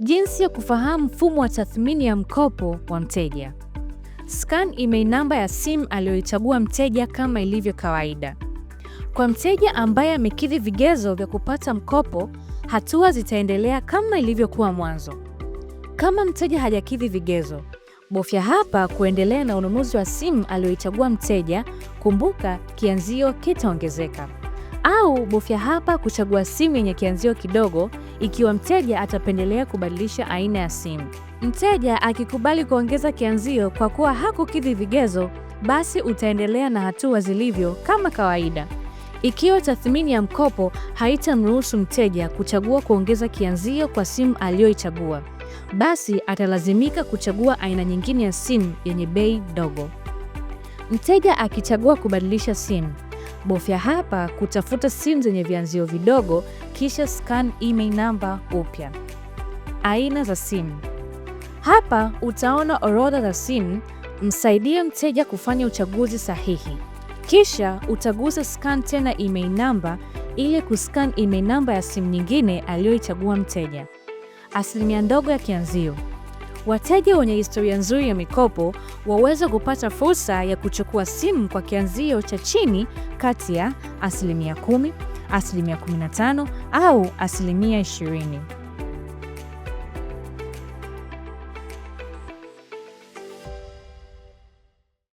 Jinsi ya kufahamu mfumo wa tathmini ya mkopo wa mteja. Scan email namba ya simu aliyoichagua mteja kama ilivyo kawaida. Kwa mteja ambaye amekidhi vigezo vya kupata mkopo, hatua zitaendelea kama ilivyokuwa mwanzo. Kama mteja hajakidhi vigezo, bofya hapa kuendelea na ununuzi wa simu aliyoichagua mteja. Kumbuka, kianzio kitaongezeka au bofya hapa kuchagua simu yenye kianzio kidogo ikiwa mteja atapendelea kubadilisha aina ya simu. Mteja akikubali kuongeza kianzio kwa kuwa hakukidhi vigezo, basi utaendelea na hatua zilivyo kama kawaida. Ikiwa tathmini ya mkopo haitamruhusu mteja kuchagua kuongeza kianzio kwa simu aliyoichagua, basi atalazimika kuchagua aina nyingine ya simu yenye bei ndogo. Mteja akichagua kubadilisha simu Bofya hapa kutafuta simu zenye vianzio vidogo, kisha scan email namba upya. Aina za simu. Hapa utaona orodha za simu, msaidie mteja kufanya uchaguzi sahihi. Kisha utagusa scan tena email namba ili kuscan email namba ya simu nyingine aliyoichagua mteja. Asilimia ndogo ya kianzio. Wateja wenye historia nzuri ya mikopo waweza kupata fursa ya kuchukua simu kwa kianzio cha chini kati ya asilimia 10, asilimia 15 au asilimia 20.